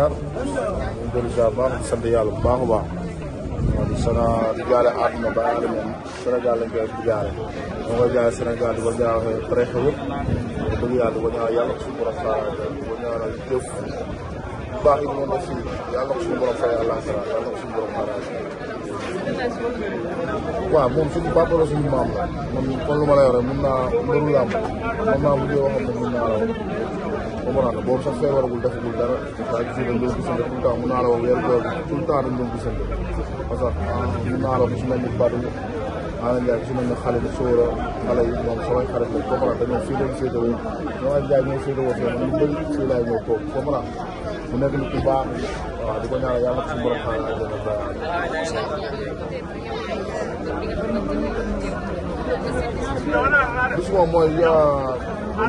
Dakar ñu dolli saa baax di sant yàlla bu baax a baax. waaw di sant di jaale àdduna ba àll moom Sénégal lañ di ko jaale presse wëpp di ko jaale di ko ñaanal yàlla di ko baax yi moom aussi yàlla ko suñu borom fay àllaaxira yàlla ko waaw moom suñu papa la suñu maam man kon lu ma la yore mun naa mbiru làmb man maa mujjee waxoon ne mun naa la wax comprendre nga boobu sax feebaragul defagul dara waaye gis nga loolu gisante tout le temps mun naa la wax weer weer tout le temps dañ doon gisante parce que ah, mun naa la wax su mel ni Badou Alane Ndiaye su mel ni xale bi Sora xale yi moom samay xarit la comprendre nga ñoom fii lañ féetewoo ñoom Alane Ndiaye ñoo féetewoo fii mu nekk അതുകൊണ്ടാണ് അയാളുടെ തീവ്രമാണ് Semua ya,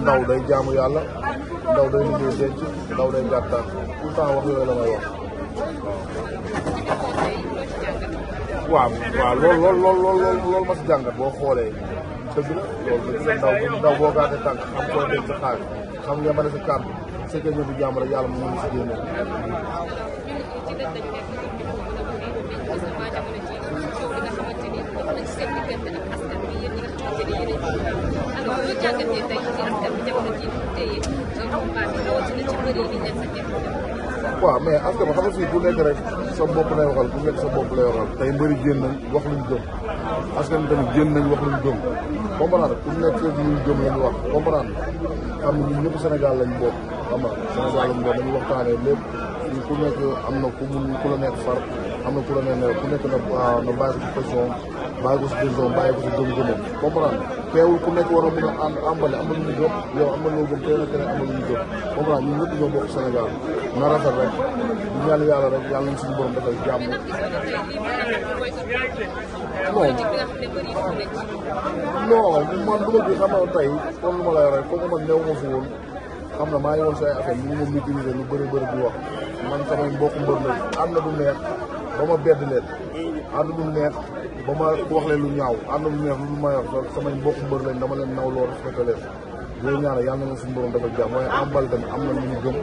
dah udah jam ya lah, dah udah ini udah jadi, dah udah jata, kita awak ni lah awak. Wah, wah, lol, lol, lol, lol, lol, lol masih jangka, bawa kore. Sebelah, lol, kita dah bawa kata tak, kamu ada sekarang, kamu yang mana sekarang, sekarang juga jam raya alam ini sendiri. ci a wane dañ gis ne waa na ci mais askan bi xam nga fii nekk rek sa bopp lay waxal ku nekk sa bopp lay waxal tey mbëri génn wax luñ gëm askan bi tamit génn nañ wax luñ gëm comprendre ku nekk luñ gëm lañ wax comprendre xam ne ñun ñëpp Sénégal lañ bokk xam nga Sénégal moom dañu waxtaanee lépp ku nekk am na ku mun ku la nekk far am na ku la nekk ku nekk na ah, na bàyyi ko si question bàyyi ko si décision bàyyi ko si gëm-gëmam comprendre teewul ku nekk war a mën a am na lu ñu gëm yow am na loo gëm teel a teel am na lu ñu gëm comprendre na rafet rek di ñaan yàlla rek yàlla nañ suñu borom defal jàmm. bi xam nga tey comme lu ma lay rek kooku man néew ma fi woon xam na maa ngi saa si ay affaire ñu ngi utiliser lu bëri bëri bu wax man samay mbokku mbër la ànd na bu neex ba ma bedd leen ànd du neex ba ma wax leen lu ñaaw ànd du neex lu ma wax samay mbokku mbër lañ dama leen naw lool respecté leen yooyu ñaane yàlla na suñu borom defal jàmm ambal tamit am lu ñu gëm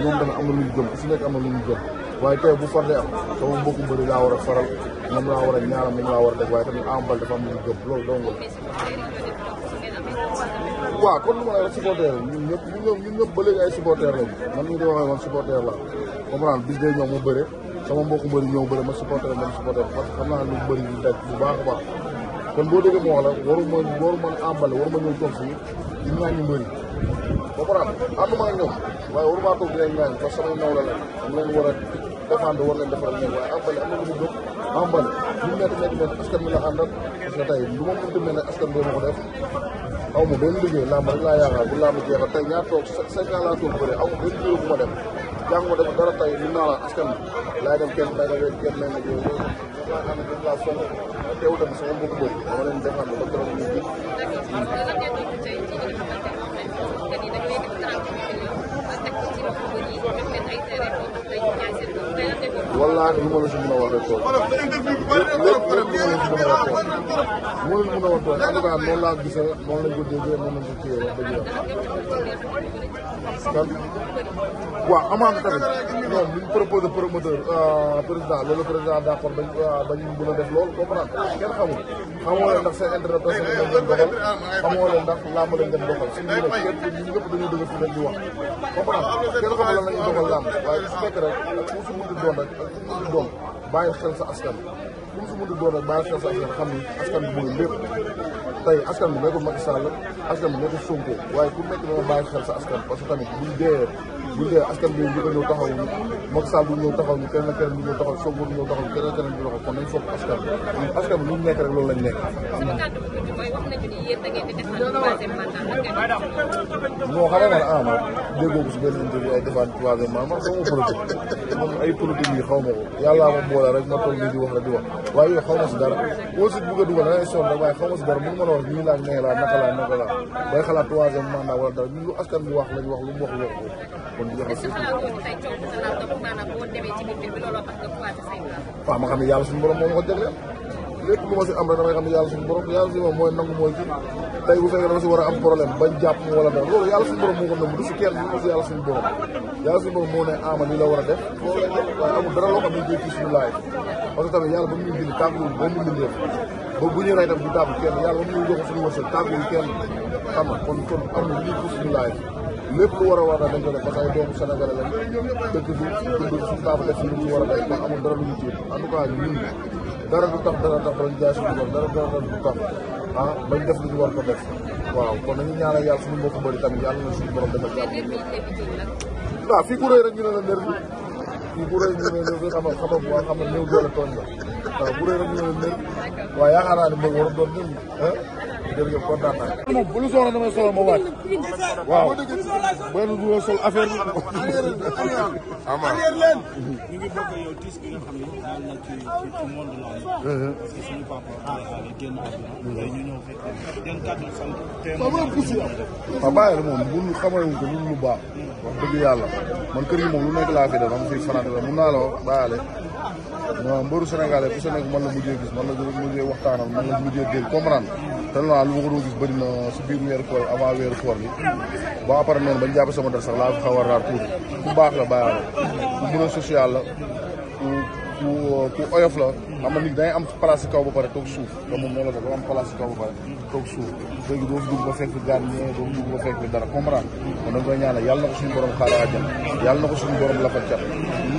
ñoom tamit am na lu ñu gëm si nekk am na lu ñu gëm waaye te bu farle am sama mbokku mbëri laa war a faral moom laa war a ñaaram moom laa war a def waaye tamit ambal dafa am lu ñu gëm loolu dong la waaw kon lu ma la supporter ñun ñëpp ñun ñun ñëpp ba léegi ay supporter lañu man ñu di waxee man supporter la comprendre bis day ñëw mu bëre sama mbokku mbëri ñëw bëre ma supporter man supporter parce que xam naa lu bëri ñu daj bu baax a baax kon boo déggee moo la waru ma waru mën a àmbale waru ma ñëw toog fii di ñaan ñu mbëri comprendre ànduma ak ñoom waaye waru maa toog di leen ñaan parce que la la am leen war a défendre war leen defal ñoom waaye àmbale Ama Baldé lu metti metti metti askan bi la àndal parce que tey lu ma mënti askan bi ma ko def aw ma benn liggéey làmb rek laa yaakaar bu làmb jeexal tey ñaar toog cinq ans laa toog bëre aw ma bu ma dem jàng ma def dara tey mun naa la askan bi laay dem kenn bay dawee kenn mel na yooyu loolu laa xam ne dañ laa sonn teew dem sama bëgg bëgg dama leen defal ba keroog ñu wallaahi lu ma la si moo leen mën a war doon laa gisa noonu lañ ko déggee noonu lañ ko téye wax dëgg yàlla kan waaw amaana tamit ñoom li ñu proposé euh, loolu président d' accord bañ bañ euh, mën a def loolu comprendre kenn xamul xamoo leen ndax seen intérêt personnel lañ leen doxal xamoo leen ndax làmb lañ leen doxal suñu ñu nag su fekk rek ak ku su mënti doon bàyyi xel sa askan bu ñu si mënut a doon rek bàyyi xel sa askan xam ni askan bi mooy lépp tey askan bi nekkul Macky Sall askan bi nekkul Sonko waaye ku nekk dana bàyyi sa askan parce que tamit buñ bu ñu dee askan bi ñu ko ñëw taxawu ñu Macky Sall du ñëw taxaw ñu keneen keneen du ñëw taxaw Sonko du ñëw taxaw ñu keneen keneen du taxaw kon nañ foog askan bi askan bi lu ñu nekk rek loolu lañ nekk. non xam nga ah man déggoo ko si benn interview ay defaat troisième man man sama politique man ay politique yi xaw ma ko yàllaa ma boole rek ma toog nii di wax rek di wax waaye yooyu xaw ma si dara boo si bëgg a dugal da ngay sonn rek waaye xaw ma si dara mënu ma la wax nii laa nee laa naka laa naka laa bay xalaat troisième mandat wala dara ñun lu askan bi wax lañ wax lu mu wax wax ko est-ce que xalaatoo ma xam ne yàlla suñu borom moo ma ko jagleel lépp lu si am rek damay xam ne yàlla suñu borom yàlla suñu borom mooy nangu mooy kii tey bu fekkee dama si war a am problème bañ jàpp mu wala loolu yàlla suñu borom moo ko si kenn du ma suñu borom yàlla suñu moo ne ama li la war a def loolu la def waaye amul dara loo xam ne ñu ci suñu laay parce que tamit yàlla ba mu ñu bind tàgguwul ba mu bu ñu rey tam du tàggu kenn yàlla ba mu ñu jox suñu wërsëg tàgguwul kenn xam nga kon kon amul lii pour suñu laay lépp lu war a war a dañ ko def parce que ay doomu Sénégal lañ dëkk bi dund suñu taabu def si lu ñu war a def ba amul dara lu ñu jiit en tout cas ñun dara du tax dara tax dañ jaay suñu bor dara dara du tax ah bañ def lu ñu war ko def waaw kon nañu ñaanal yàlla suñu mbokku bëri tamit yàlla na suñu borom defal jàmm waaw fii ku rëy rek ñu ne la ndër bi fii ku rëy ñu ne la ndër xama xama bu xam ne néew doole tooñ la waaw bu rëy rek ñu ne la ndër waaw yaakaar naa ne mbëg war a doon ñun jërëjëf kontaan naa. moom bu sol affaire bi. amaa ñu ngi bokk yow tiis bi nga xam ne daal na ci ci monde la. Uh-huh. parce uh-huh. la baax. dëgg yàlla man kër gi moom mun naa la wax bàyyi non mbëru Sénégalais bu sa nekk man la mujjee gis man la mujjee waxtaanal man la mujjee dégg comprendre te naa lu ma ko doon gis bëri na si biir weeru koor avant weeru koor bi ba après noonu bañ jàpp sama dara sax laa ko xaw a raar tuuti ku baax la bàyyi ku mën a social la ku ku oyof la xam nga nit day am place si kaw ba pare toog suuf te moom noonu la ko ba am place si kaw ba pare toog suuf léegi doo dara comprendre kon dañ yàlla na ko suñu borom yàlla ko suñu borom la ko cat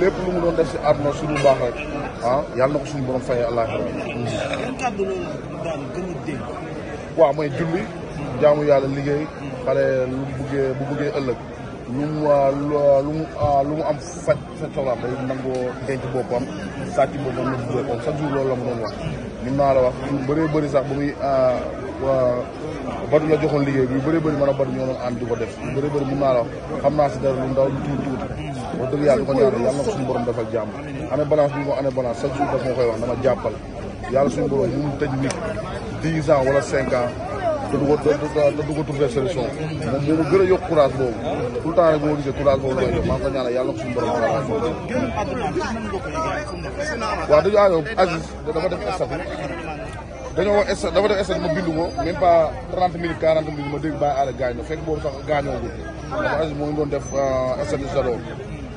lépp lu def si àdduna suñu baax rek ah yàlla na ko suñu borom fayee àllaaxira waaw mooy julli jaamu yàlla liggéey xale lu buggee bu buggee ëllëg lu mu lu ah, mu lu mu am faj sa soxla day nangoo denc boppam sàcc boppam ñu dugal ko chaque jour loolu la mu doon wax. mën naa la wax lu bari sax ba muy ah, badu la joxoon liggéey bi yu bëree bëri mën a badu ñoo doon ànd di ko def xam naa si dara lu ndaw lu tuuti tuuti. wax dëgg yàlla di ko ñaanal yàlla na ko suñu borom defal jàmm année balance bi moo année balance chaque ma koy wax dama jàppal yàlla suñu borom ñu mu tëj nit dix ans wala cinq ans. te du ko te du ko trouver solution moom moo ma gën a yokk courage boobu tout le temps rek moo gisee def statut dañoo wax statut dafa def statut ma bindu ko même pas trente ma dégg bàyyi aala gaañ na fekk boobu sax gaañoogul ndax moo doon def statut sa loolu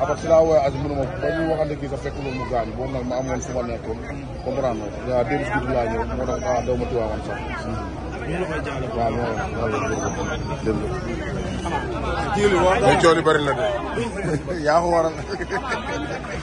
après si laa wooyee Aziz mu ne ma ba ñu fekk loolu mu gaañ boobu nag ma amoon fu ma nekkoon comprendre nga waaw déedéet guddi moo tax ah daw ma sax waaw loolu loolu la. jiw li bari na de yaa ko waral.